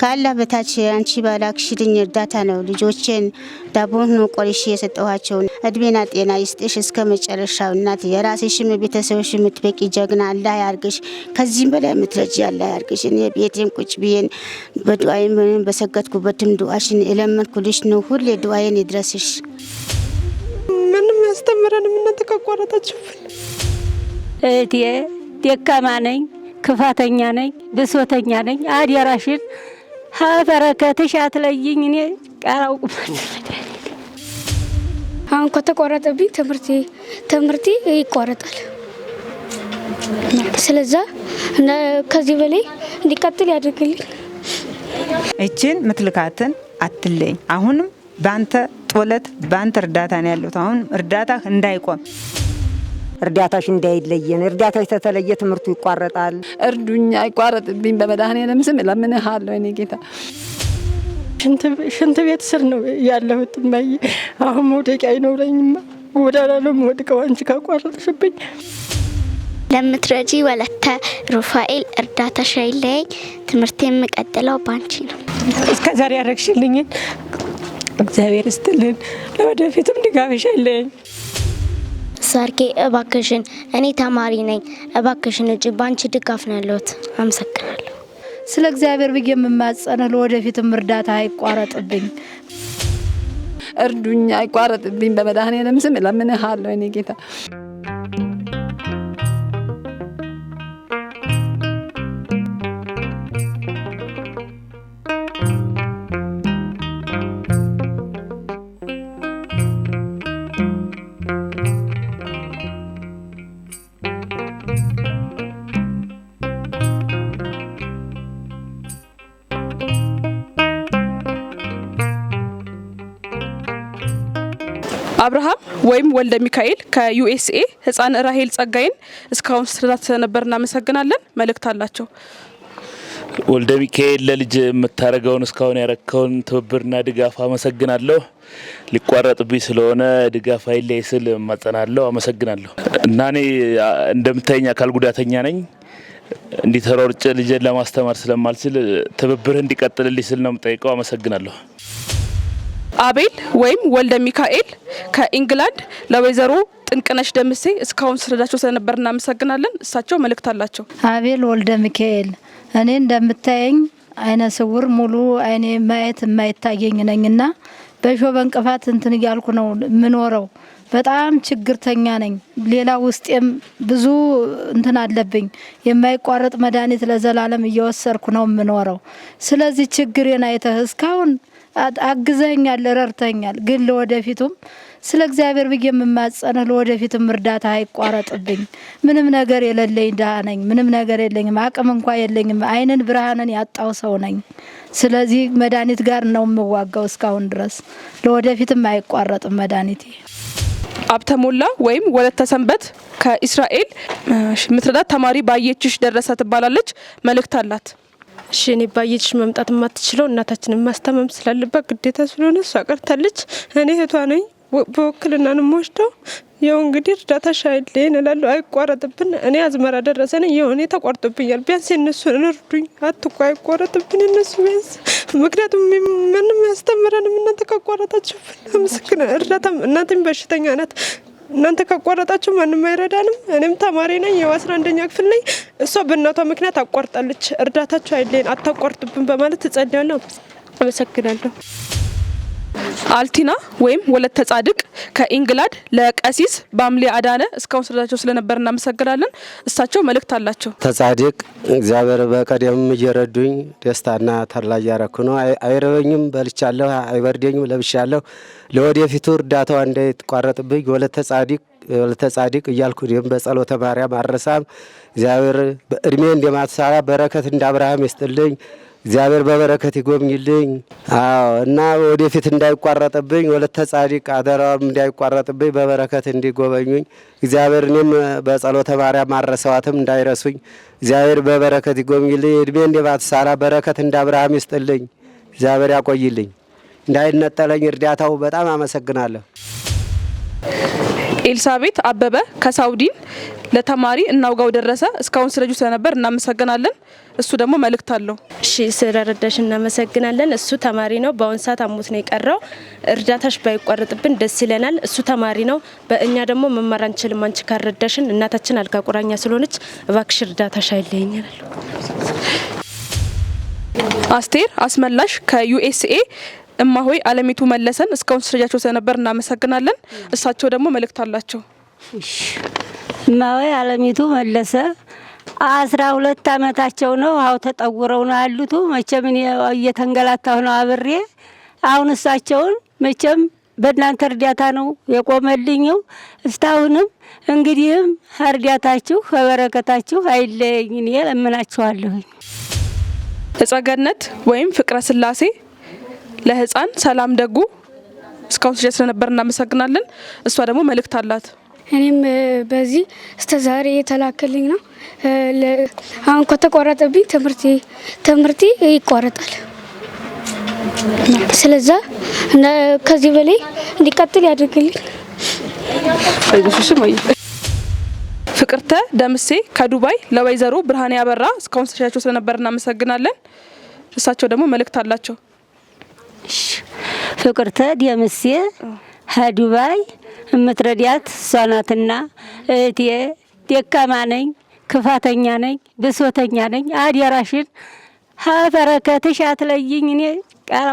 ከአላህ በታች አንቺ ባላክሽልኝ እርዳታ ነው ልጆቼን ዳቦን ቆሪሽ የሰጠኋቸው። እድሜና ጤና ይስጥሽ እስከ መጨረሻው እናት። የራስሽም ቤተሰብሽ የምትበቂ ጀግና አላህ ያርግሽ። ከዚህም በላይ የምትረጂ አላህ ያርግሽ። እኔ ቤቴም ቁጭ ብዬን በዱዓይም በሰገድኩበትም ዱዓሽን የለመንኩልሽ ነው። ሁሌ ዱዓዬን ይድረስሽ። ምንም ያስተምረን እናንተ ካቋረጣችሁብን። እህቴ ደካማ ነኝ፣ ክፋተኛ ነኝ፣ ብሶተኛ ነኝ። አደራሽን ሀበረከትሽ አትለይኝ። እኔ ቃላውቁ አሁን ከተቋረጠብኝ ትምህርቴ ትምህርቴ ይቋረጣል። ስለዛ ከዚህ በላይ እንዲቀጥል ያደርግልኝ። እችን ምትልካትን አትለኝ። አሁንም በአንተ ጦለት በአንተ እርዳታ ነው ያለሁት። አሁን እርዳታ እንዳይቆም እርዳታሽ እንዳይለየን። እርዳታሽ ተተለየ ትምህርቱ ይቋረጣል። እርዱኛ፣ አይቋረጥብኝ። በመድኃኔዓለም ስም እለምንሃለሁ የእኔ ጌታ። ሽንት ቤት ስር ነው ያለሁት። እማዬ አሁን መውደቂ አይኖረኝማ፣ ጎዳና ነው የምወድቀው አንቺ ካቋረጥሽብኝ። ለምትረጂ ወለተ ሩፋኤል እርዳታሽ አይለየኝ። ትምህርት የምቀጥለው ባንቺ ነው። እስከ ዛሬ ያረግሽልኝን እግዚአብሔር ይስጥልን። ለወደፊትም ድጋፍሽ አይለየኝ። ሳርኬ እባክሽን፣ እኔ ተማሪ ነኝ፣ እባክሽን እጅ በአንቺ ድጋፍ ነው ያለሁት። አመሰግናለሁ። ስለ እግዚአብሔር ብዬ የምማጸንህ ለወደፊትም እርዳታ አይቋረጥብኝ፣ እርዱኛ፣ አይቋረጥብኝ። በመድኃኔዓለም ስም እለምንሃለሁ እኔ ጌታ ወልደ ሚካኤል ከዩኤስኤ፣ ህፃን ራሄል ጸጋይን እስካሁን ስላት ነበር። እናመሰግናለን። መልእክት አላቸው። ወልደ ሚካኤል ለልጅ የምታደርገውን እስካሁን ያረከውን ትብብርና ድጋፍ አመሰግናለሁ። ሊቋረጥብኝ ስለሆነ ድጋፍ ኃይል ስል እማጸናለሁ። አመሰግናለሁ እና እኔ እንደምታየኝ አካል ጉዳተኛ ነኝ። እንዲህ ተሯርጬ ልጅን ለማስተማር ስለማልችል ትብብርህ እንዲቀጥልልኝ ስል ነው የምጠይቀው። አመሰግናለሁ። አቤል ወይም ወልደ ሚካኤል ከኢንግላንድ ለወይዘሮ ጥንቅነሽ ደምሴ እስካሁን ስረዳቸው ስለነበር እናመሰግናለን። እሳቸው መልእክት አላቸው። አቤል ወልደ ሚካኤል እኔ እንደምታየኝ አይነ ስውር ሙሉ አይኔ ማየት የማይታየኝ ነኝና በሾ በእንቅፋት እንትን እያልኩ ነው ምኖረው። በጣም ችግርተኛ ነኝ። ሌላ ውስጤም ብዙ እንትን አለብኝ። የማይቋረጥ መድኃኒት ለዘላለም እየወሰድኩ ነው የምኖረው። ስለዚህ ችግሬን አይተህ እስካሁን አግዘኛል፣ ረርተኛል። ግን ለወደፊቱም ስለ እግዚአብሔር ብዬ የምማጸንህ ለወደፊትም እርዳታ አይቋረጥብኝ። ምንም ነገር የሌለኝ ድሃ ነኝ። ምንም ነገር የለኝም። አቅም እንኳ የለኝም። አይንን ብርሃንን ያጣው ሰው ነኝ። ስለዚህ መድኃኒት ጋር ነው የምዋጋው እስካሁን ድረስ። ለወደፊትም አይቋረጥም መድኃኒቴ። አብተሞላ ወይም ወለተ ሰንበት ከእስራኤል ምትረዳት ተማሪ ባየችሽ ደረሰ ትባላለች። መልእክት አላት። እሺ እኔ ባየችሽ መምጣት የማትችለው እናታችንን ማስታመም ስላለባት ግዴታ ስለሆነ እሷ ቀርታለች። እኔ እህቷ ነኝ በወክልና ነው የምወስደው። እንግዲህ እርዳታ ሻይልኝ እላለሁ። አይቋረጥብን። እኔ አዝመራ ደረሰን፣ ይኸው እኔ ተቋርጦብኛል። ቢያንስ የእነሱን እርዱኝ። አትኳ አይቋረጥብን እነሱ ቢያንስ ምክንያቱም ምንም ያስተምረንም እናንተ ካቋረጣችሁብን። ምስክን እርዳታ እናቴም በሽተኛ ናት። እናንተ ካቋረጣችሁ ማንም አይረዳንም። እኔም ተማሪ ነኝ፣ ያው አስራ አንደኛ ክፍል ነኝ። እሷ በእናቷ ምክንያት አቋርጣለች። እርዳታችሁ አይለየን፣ አታቋርጡብን በማለት እጸልያለሁ። አመሰግናለሁ። አልቲና ወይም ወለተ ጻድቅ ከኢንግላድ ለቀሲስ ባምሌ አዳነ እስካሁን ስረዳቸው ስለነበር እናመሰግናለን። እሳቸው መልእክት አላቸው። ተጻድቅ እግዚአብሔር በቀደም እየረዱኝ ደስታና ተድላ እያረኩ ነው። አይረበኝም፣ በልቻለሁ። አይበርደኝም፣ ለብሻለሁ። ለወደፊቱ እርዳታው እንዳይቋረጥብኝ ወለተ ጻድቅ ወለተ ጻድቅ እያልኩ እኔም በጸሎተ ማርያም አረሳም። እግዚአብሔር እድሜ እንደማትሳራ በረከት እንደ አብርሃም ይስጥልኝ። እግዚአብሔር በበረከት ይጎብኝልኝ። አዎ እና ወደፊት እንዳይቋረጥብኝ ወለተ ጻዲቅ አደራውም እንዳይቋረጥብኝ በበረከት እንዲጎበኙኝ እግዚአብሔር እኔም በጸሎተ ማርያም ማረሰዋትም እንዳይረሱኝ እግዚአብሔር በበረከት ይጎብኝልኝ። እድሜ እንደ ባትሳራ በረከት እንደ አብርሃም ይስጥልኝ። እግዚአብሔር ያቆይልኝ፣ እንዳይነጠለኝ እርዳታው። በጣም አመሰግናለሁ። ኤልሳቤት አበበ ከሳውዲን ለተማሪ እናውጋው ደረሰ እስካሁን ስለጁ ስለነበር እናመሰግናለን። እሱ ደግሞ መልእክት አለው። እሺ ስለረዳሽ እናመሰግናለን። እሱ ተማሪ ነው። በአሁን ሰዓት አሞት ነው የቀረው። እርዳታሽ ባይቋረጥብን ደስ ይለናል። እሱ ተማሪ ነው። በእኛ ደግሞ መማር አንችልም። አንቺ ካረዳሽን እናታችን አልጋ ቁራኛ ስለሆነች እባክሽ እርዳታሽ አይለየኛል። አስቴር አስመላሽ ከዩኤስኤ እማሆይ አለሚቱ መለሰን እስካሁን ስረጃቸው ስለነበር እናመሰግናለን። እሳቸው ደግሞ መልእክት አላቸው። እማወይ አለሚቱ መለሰ አስራ ሁለት አመታቸው ነው። አሁ ተጠውረው ነው ያሉት መቼም እየተንገላታሁ ነው አብሬ። አሁን እሳቸውን መቼም በእናንተ እርዳታ ነው የቆመልኝው እስታሁንም። እንግዲህም እርዳታችሁ ከበረከታችሁ አይለየኝ እኔ እለምናችኋለሁኝ። ዕፀ ወይም ፍቅረ ስላሴ ለህፃን ሰላም ደጉ እስካሁን ስለ ስለነበር እናመሰግናለን። እሷ ደግሞ መልእክት አላት። እኔም በዚህ እስከ ዛሬ የተላከልኝ ነው። አሁን ከተቋረጠብኝ ትምህርቴ ትምህርቴ ይቋረጣል። ስለዛ ከዚህ በላይ እንዲቀጥል ያደርግልኝ። ፍቅርተ ደምሴ ከዱባይ ለወይዘሮ ብርሃን ያበራ እስካሁን ስሻቸው ስለነበር እናመሰግናለን። እሳቸው ደግሞ መልእክት አላቸው። ፍቅርተ ደምሴ ከዱባይ እምትረዳት እሷ ናትና እህቴ ደካማ ነኝ፣ ክፋተኛ ነኝ፣ ብሶተኛ ነኝ። አደራሽን ሀበረከትሽ አትለይኝ። እኔ ቃል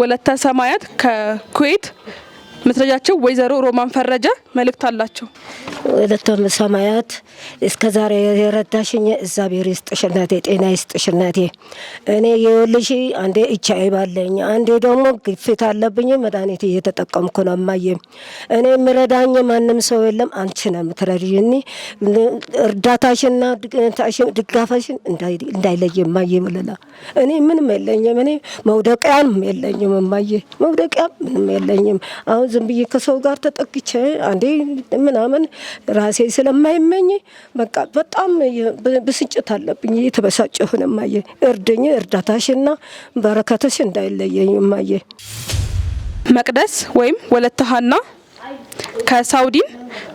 ወለተ ሰማያት ከኩዌት ምትረጃቸው ወይዘሮ ሮማን ፈረጀ መልእክት አላቸው። ሁለቱም ሰማያት እስከ ዛሬ የረዳሽኝ እግዚአብሔር ይስጥሽ እናቴ፣ ጤና ይስጥሽ እናቴ። እኔ የወልሽ አንዴ ኤች አይ አንዴ ደግሞ ግፊት አለብኝ። መድኃኒት እየተጠቀምኩ ነው እማዬ። እኔ የምረዳኝ ማንም ሰው የለም፣ አንቺ ነው የምትረድኝ። እርዳታሽና ድጋፋሽን እንዳይለይ እማዬ። ብልላ እኔ ምንም የለኝም፣ እኔ መውደቂያም የለኝም እማዬ፣ መውደቂያ ምንም የለኝም አሁን ዝም ብዬ ከሰው ጋር ተጠግቼ አንዴ ምናምን ራሴ ስለማይመኝ በቃ በጣም ብስጭት አለብኝ። የተበሳጭ ሆነ ማየ እርድኝ፣ እርዳታሽና በረከተሽ እንዳይለየኝ ማየ። መቅደስ ወይም ወለተ ሀና ከሳውዲን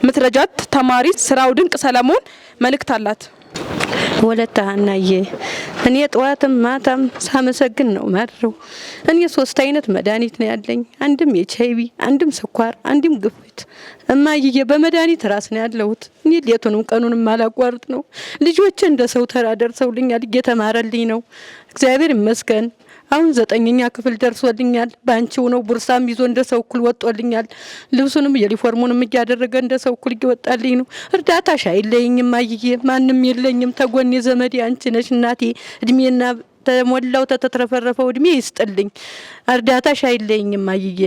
ምትረጃት ተማሪ ስራው ድንቅ ሰለሞን መልእክት አላት። ወለተ ሀናዬ እኔ ጠዋትም ማታም ሳመሰግን ነው ማድረው። እኔ ሶስት አይነት መድኃኒት ነው ያለኝ፣ አንድም ኤችአይቪ፣ አንድም ስኳር፣ አንድም ግፊት። እማዬ በመድኃኒት ራስ ነው ያለሁት። እኔ ሌቱንም ቀኑንም አላቋርጥ ነው። ልጆቼ እንደ ሰው ተራ ደርሰውልኛል፣ እየተማረልኝ ነው። እግዚአብሔር ይመስገን። አሁን ዘጠኝኛ ክፍል ደርሶልኛል። በአንቺው ነው። ቡርሳም ይዞ እንደ ሰው እኩል ወጦልኛል። ልብሱንም ዩኒፎርሙንም እያደረገ እንደ ሰው እኩል እየወጣልኝ ነው። እርዳታ አይለኝም አይዬ፣ ማንም የለኝም። ተጎኔ ዘመዴ አንቺ ነሽ እናቴ። እድሜና ተሞላው ተተትረፈረፈው እድሜ ይስጥልኝ። እርዳታ አይለኝም አይዬ።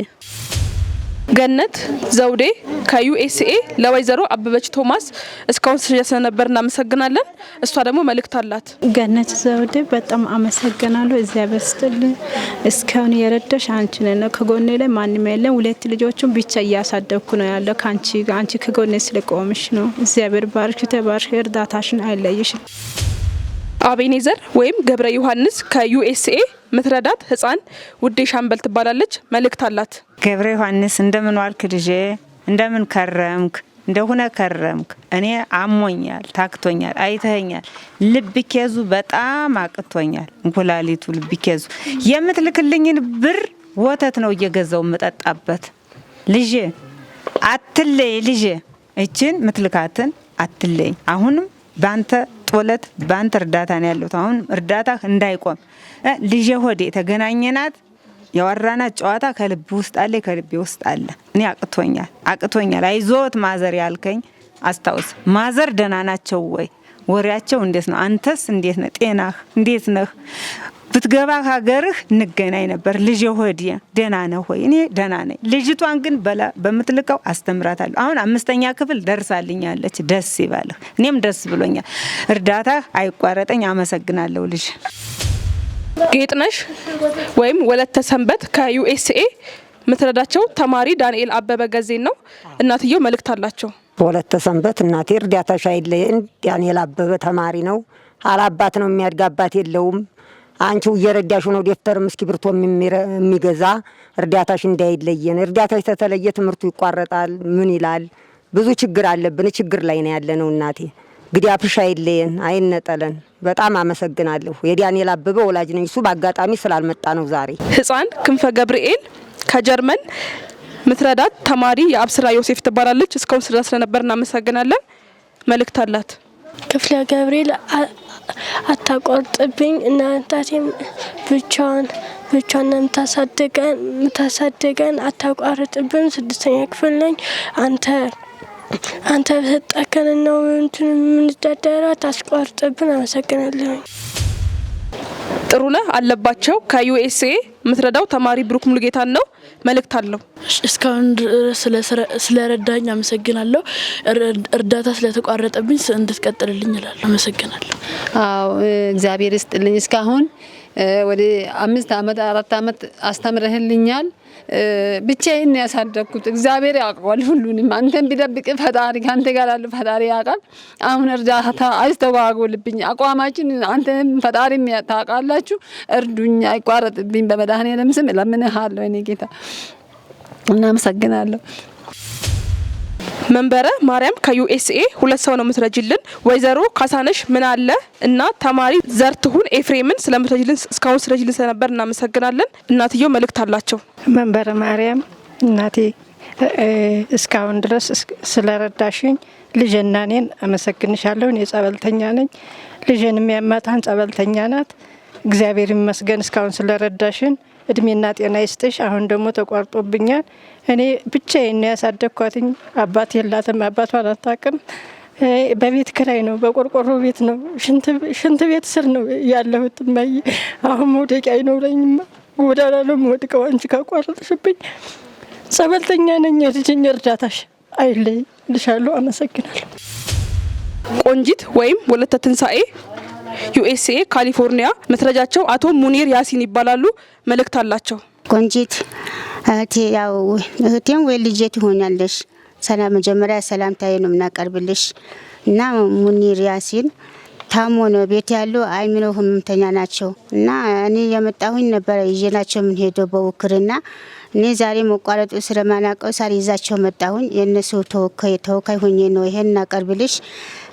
ገነት ዘውዴ ከዩኤስኤ ለወይዘሮ አበበች ቶማስ እስካሁን ስለነበር እናመሰግናለን። እሷ ደግሞ መልእክት አላት። ገነት ዘውዴ በጣም አመሰግናለሁ። እዚያ በስትል እስካሁን የረዳሽ አንቺ ነው። ከጎኔ ላይ ማንም የለም። ሁለት ልጆቹን ብቻ እያሳደግኩ ነው ያለው አንቺ ከጎኔ ስለቆምሽ ነው። እግዚአብሔር ባርክ፣ ተባርክ። እርዳታሽን አይለይሽም። አቤኔዘር ወይም ገብረ ዮሐንስ ከዩኤስኤ ምትረዳት ህፃን ውዴ ሻምበል ትባላለች። መልእክት አላት። ገብረ ዮሐንስ እንደምን ዋልክ ልጄ? እንደምን ከረምክ? እንደሆነ ከረምክ። እኔ አሞኛል፣ ታክቶኛል፣ አይተኸኛል። ልብ ኬዙ በጣም አቅቶኛል። እንኩላሊቱ ልብ ኬዙ የምትልክልኝን ብር ወተት ነው እየገዛው የምጠጣበት። ልጄ አትለይ፣ ልጄ እችን ምትልካትን አትለይ። አሁንም ባንተ ጦለት ባንተ እርዳታ ነው ያለሁት። አሁንም እርዳታ እንዳይቆም ልጄ ሆዴ ተገናኘናት። ያወራናት ጨዋታ ከልብ ውስጥ አለ፣ ከልቤ ውስጥ አለ። እኔ አቅቶኛል አቅቶኛል። አይዞት ማዘር ያልከኝ አስታውስ። ማዘር ደህና ናቸው ወይ? ወሬያቸው እንዴት ነው? አንተስ እንዴት ነህ? ጤናህ እንዴት ነህ? ብትገባ ሀገርህ እንገናኝ ነበር። ልጅ ሆድ ደህና ነህ ወይ? እኔ ደህና ነኝ። ልጅቷን ግን በምትልቀው አስተምራታለሁ። አሁን አምስተኛ ክፍል ደርሳልኛለች። ደስ ይበልህ። እኔም ደስ ብሎኛል። እርዳታህ አይቋረጠኝ። አመሰግናለሁ ልጅ ጌጥነሽ ወይም ወለተ ሰንበት ከዩኤስኤ ምትረዳቸው ተማሪ ዳንኤል አበበ ገዜን ነው። እናትየው መልእክት አላቸው። ወለተ ሰንበት እናቴ እርዳታሽ አይለየን። ዳንኤል አበበ ተማሪ ነው፣ አላባት ነው የሚያድግ አባት የለውም። አንቺው እየረዳሽ ነው፣ ደብተርም እስክሪብቶ የሚገዛ እርዳታሽ እንዳይለየን። እርዳታሽ ተተለየ ትምህርቱ ይቋረጣል። ምን ይላል? ብዙ ችግር አለብን። ችግር ላይ ነው ያለነው እናቴ እንግዲህ አፍሻ አይለየን አይነጠለን። በጣም አመሰግናለሁ። የዳንኤል አበበ ወላጅ ነኝ። እሱ በአጋጣሚ ስላልመጣ ነው ዛሬ። ህፃን ክንፈ ገብርኤል ከጀርመን ምትረዳት ተማሪ የአብስራ ዮሴፍ ትባላለች። እስካሁን ስራ ስለነበር እናመሰግናለን። መልእክት አላት። ክፍለ ገብርኤል አታቆርጥብኝ። እናንታቴም ብቻዋን ብቻዋን ምታሳደገን ምታሳደገን አታቋርጥብን። ስድስተኛ ክፍል ነኝ አንተ አንተ በሰጠከን ነው እንትን የምንዳደረው። አታስቋርጥብን። አመሰግናለሁ። ጥሩነህ አለባቸው ከዩኤስኤ የምትረዳው ተማሪ ብሩክ ሙሉጌታን ነው። መልእክት አለው። እስካሁን ድረስ ስለረዳኝ አመሰግናለሁ። እርዳታ ስለተቋረጠብኝ እንድትቀጥልልኝ እላለሁ። አመሰግናለሁ። አዎ እግዚአብሔር ይስጥልኝ። እስካሁን ወደ አምስት አመት አራት አመት አስተምረህልኛል። ብቻዬን ነው ያሳደግኩት። እግዚአብሔር ያውቀዋል ሁሉንም። አንተን ቢደብቅ ፈጣሪ ከአንተ ጋር ያለ ፈጣሪ ያውቃል። አሁን እርዳታ አይስተጓጎልብኝ አቋማችን አንተም ፈጣሪ ታውቃላችሁ። እርዱኝ፣ አይቋረጥብኝ። በመድኃኔዓለም ስም እለምንሃለሁ እኔ ጌታ። እናመሰግናለሁ። መንበረ ማርያም ከዩኤስኤ ሁለት ሰው ነው የምትረጅልን። ወይዘሮ ካሳነሽ ምን አለ እና ተማሪ ዘርትሁን ኤፍሬምን ስለምትረጅልን እስካሁን ስረጅልን ስለነበር እናመሰግናለን። እናትየው መልእክት አላቸው። መንበረ ማርያም እናቴ እስካሁን ድረስ ስለረዳሽኝ ልጅና እኔን አመሰግንሻለሁ። እኔ ጸበልተኛ ነኝ፣ ልጅን የሚያማታን ጸበልተኛ ናት። እግዚአብሔር ይመስገን እስካሁን ስለረዳሽን እድሜና ጤና ይስጥሽ። አሁን ደግሞ ተቋርጦብኛል እኔ ብቻዬን ነው ያሳደግኳትኝ። አባት የላትም፣ አባቷን አታውቅም። በቤት ክራይ ነው፣ በቆርቆሮ ቤት ነው፣ ሽንት ቤት ስር ነው ያለሁት። እማዬ አሁን መውደቂያ አይኖረኝማ፣ ጎዳና ነው የምወድቀው። አንቺ ካቋረጥሽብኝ ጸበልተኛ ነኝ። ልጅኝ እርዳታሽ አይለይ ልሻሉ። አመሰግናለሁ። ቆንጂት ወይም ወለተ ትንሳኤ ዩኤስኤ ካሊፎርኒያ መስረጃቸው አቶ ሙኒር ያሲን ይባላሉ። መልእክት አላቸው። ቆንጂት እህቴ፣ ያው እህቴም ወይ ልጄ ትሆኛለሽ። ሰላም መጀመሪያ ሰላምታዬ ነው የምናቀርብልሽ እና ሙኒር ያሲን ታሞ ነው ቤት ያሉ አይምሮ ህመምተኛ ናቸው እና እኔ የመጣሁኝ ነበረ ይዤ ናቸው የምንሄደው በውክርና እኔ ዛሬ መቋረጡ ሳር ይዛቸው መጣሁኝ። የእነሱ ተወካይ ሆኜ ነው ይሄን እናቀርብልሽ።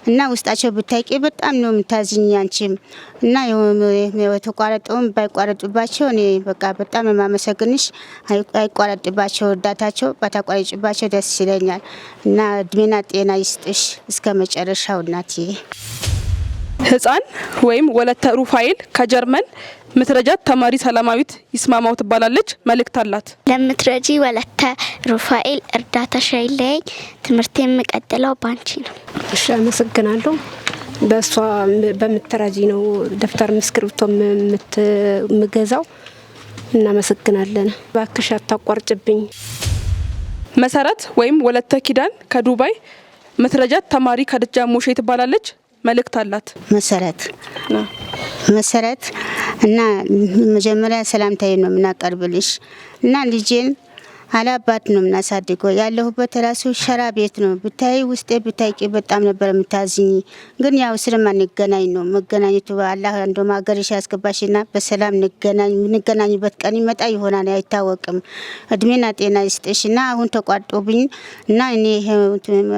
እና ውስጣቸው ብታይቄ በጣም ነው የምታዝኝ አንቺም እና የተቋረጠውን ባይቋረጡባቸው እኔ በቃ በጣም የማመሰግንሽ። አይቋረጥባቸው እርዳታቸው ባታቋረጭባቸው ደስ ይለኛል እና እድሜና ጤና ይስጥሽ እስከ መጨረሻው እናትዬ። ህፃን ወይም ወለተ ሩፋኤል ከጀርመን ምትረጃት ተማሪ ሰላማዊት ይስማማው ትባላለች። መልእክት አላት። ለምትረጂ ወለተ ሩፋኤል እርዳታ አይለየኝ። ትምህርት የምቀጥለው ባንቺ ነው። እሺ፣ አመሰግናለሁ። በእሷ በምትረጂ ነው ደብተር ምስክርብቶ የምገዛው። እናመሰግናለን። ባክሽ አታቋርጭብኝ። መሰረት ወይም ወለተ ኪዳን ከዱባይ ምትረጃት ተማሪ ከደጃ ሞሼ ትባላለች። መልእክት አላት። መሰረት መሰረት እና መጀመሪያ ሰላምታዬ ነው የምናቀርብልሽ እና ልጄን አላባት ነው የምናሳድገው። ያለሁበት ራሱ ሸራ ቤት ነው። ብታይ ውስጤ ብታይቂ በጣም ነበር የምታዝኝ። ግን ያው ስለማንገናኝ ነው መገናኘቱ። አላህ እንደም ሀገርሽ ያስገባሽና በሰላም የምንገናኝበት ቀን ይመጣ ይሆናል አይታወቅም። እድሜና ጤና ይስጥሽና አሁን ተቋርጦብኝ እና እኔ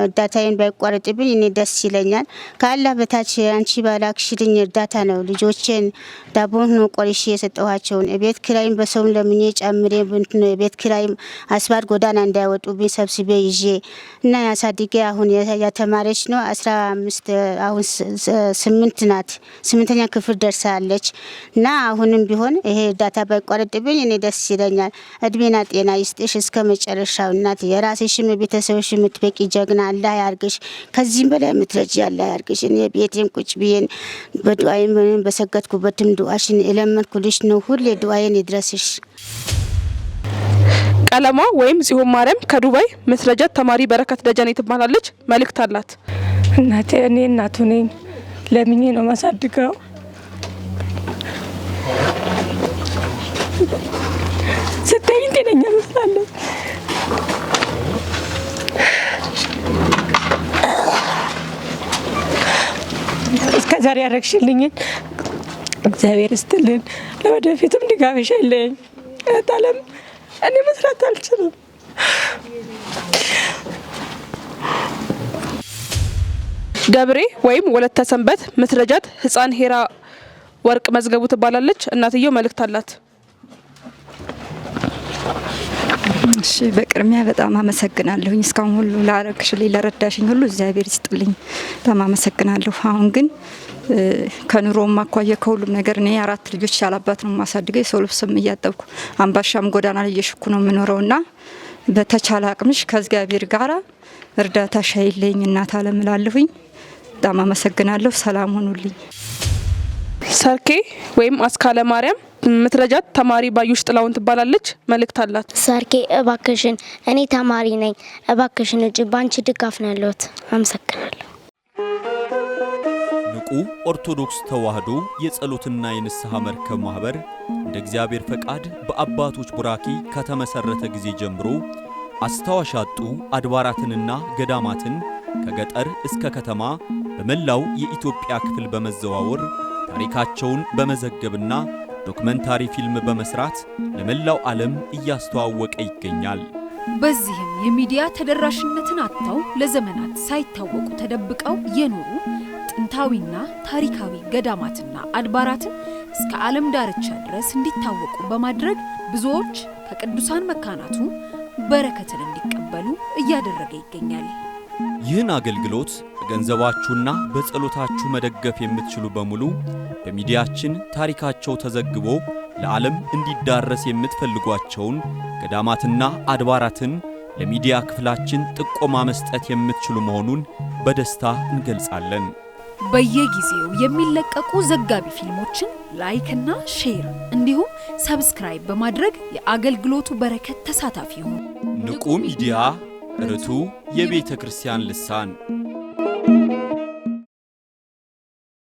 እርዳታዬን ባይቋረጥብኝ እኔ ደስ ይለኛል። ከአላህ በታች አንቺ ባላክሽልኝ እርዳታ ነው ልጆቼን ዳቦን ቆርሼ የሰጠኋቸውን ቤት ኪራይም በሰውም ለምኜ ጨምሬ ቤት ኪራይም አስፋልት ጎዳና እንዳይወጡብኝ ሰብስቤ ይዤ እና ያሳድጌ አሁን ያተማረች ነው አስራ አምስት አሁን ስምንት ናት ስምንተኛ ክፍል ደርሳለች እና አሁንም ቢሆን ይሄ እርዳታ ባይቋረጥብኝ እኔ ደስ ይለኛል። እድሜና ጤና ይስጥሽ እስከ መጨረሻው እናት የራስሽም ቤተሰብሽ የምትበቂ ጀግና አላህ ያርግሽ። ከዚህም በላይ የምትረጂ አላህ ያርግሽ። እኔ ቤቴን ቁጭ ብዬን በዱአይም በሰገድኩበትም ዱአሽን የለመንኩልሽ ነው። ሁሌ ዱአዬን ይድረስሽ። ቀለማ ወይም ጽዮን ማርያም ከዱባይ መስረጃት ተማሪ በረከት ደጀኔ ትባላለች። መልእክት አላት። እናቴ እኔ እናቱ ነኝ። ለምኜ ነው ማሳድገው። ስታይ ጤነኛ መስላለች። እስከዛሬ ያረግሽልኝን እግዚአብሔር ይስጥልን። ለወደፊቱም ድጋፍሽ የለኝ እኔ መስራት አልችልም። ደብሬ ወይም ወለተ ሰንበት ምትረጃት ህፃን ሄራ ወርቅ መዝገቡ ትባላለች። እናትየው መልእክት አላት። እሺ በቅድሚያ በጣም አመሰግናለሁኝ። እስካሁን ሁሉ ላረግሽልኝ፣ ለረዳሽኝ ሁሉ እግዚአብሔር ይስጥልኝ። በጣም አመሰግናለሁ። አሁን ግን ከኑሮም አኳየ ከሁሉም ነገር እኔ አራት ልጆች ያላባት ነው የማሳድገው። የሰው ልብስም እያጠብኩ አምባሻም ጎዳና ላይ እየሽኩ ነው የምኖረው ና በተቻለ አቅምሽ ከእግዚአብሔር ጋር እርዳታ ሻይለኝ እናት አለምላለሁኝ። በጣም አመሰግናለሁ። ሰላም ሁኑልኝ። ሰርኬ ወይም አስካለ ማርያም ምትረጃት ተማሪ ባዩሽ ጥላውን ትባላለች። መልእክት አላት። ሰርኬ እባክሽን፣ እኔ ተማሪ ነኝ። እባክሽን እጅ ባንቺ ድጋፍ ነው ያለሁት። አመሰግናለሁ። የታወቁ ኦርቶዶክስ ተዋህዶ የጸሎትና የንስሐ መርከብ ማኅበር እንደ እግዚአብሔር ፈቃድ በአባቶች ቡራኪ ከተመሠረተ ጊዜ ጀምሮ አስታዋሽ አድባራትንና ገዳማትን ከገጠር እስከ ከተማ በመላው የኢትዮጵያ ክፍል በመዘዋወር ታሪካቸውን በመዘገብና ዶክመንታሪ ፊልም በመስራት ለመላው ዓለም እያስተዋወቀ ይገኛል። በዚህም የሚዲያ ተደራሽነትን አጥተው ለዘመናት ሳይታወቁ ተደብቀው የኖሩ ጥንታዊና ታሪካዊ ገዳማትና አድባራትን እስከ ዓለም ዳርቻ ድረስ እንዲታወቁ በማድረግ ብዙዎች ከቅዱሳን መካናቱ በረከትን እንዲቀበሉ እያደረገ ይገኛል። ይህን አገልግሎት በገንዘባችሁና በጸሎታችሁ መደገፍ የምትችሉ በሙሉ በሚዲያችን ታሪካቸው ተዘግቦ ለዓለም እንዲዳረስ የምትፈልጓቸውን ገዳማትና አድባራትን ለሚዲያ ክፍላችን ጥቆማ መስጠት የምትችሉ መሆኑን በደስታ እንገልጻለን። በየጊዜው የሚለቀቁ ዘጋቢ ፊልሞችን ላይክ እና ሼር እንዲሁም ሰብስክራይብ በማድረግ የአገልግሎቱ በረከት ተሳታፊ ይሁኑ። ንቁ ሚዲያ ርቱ የቤተ ክርስቲያን ልሳን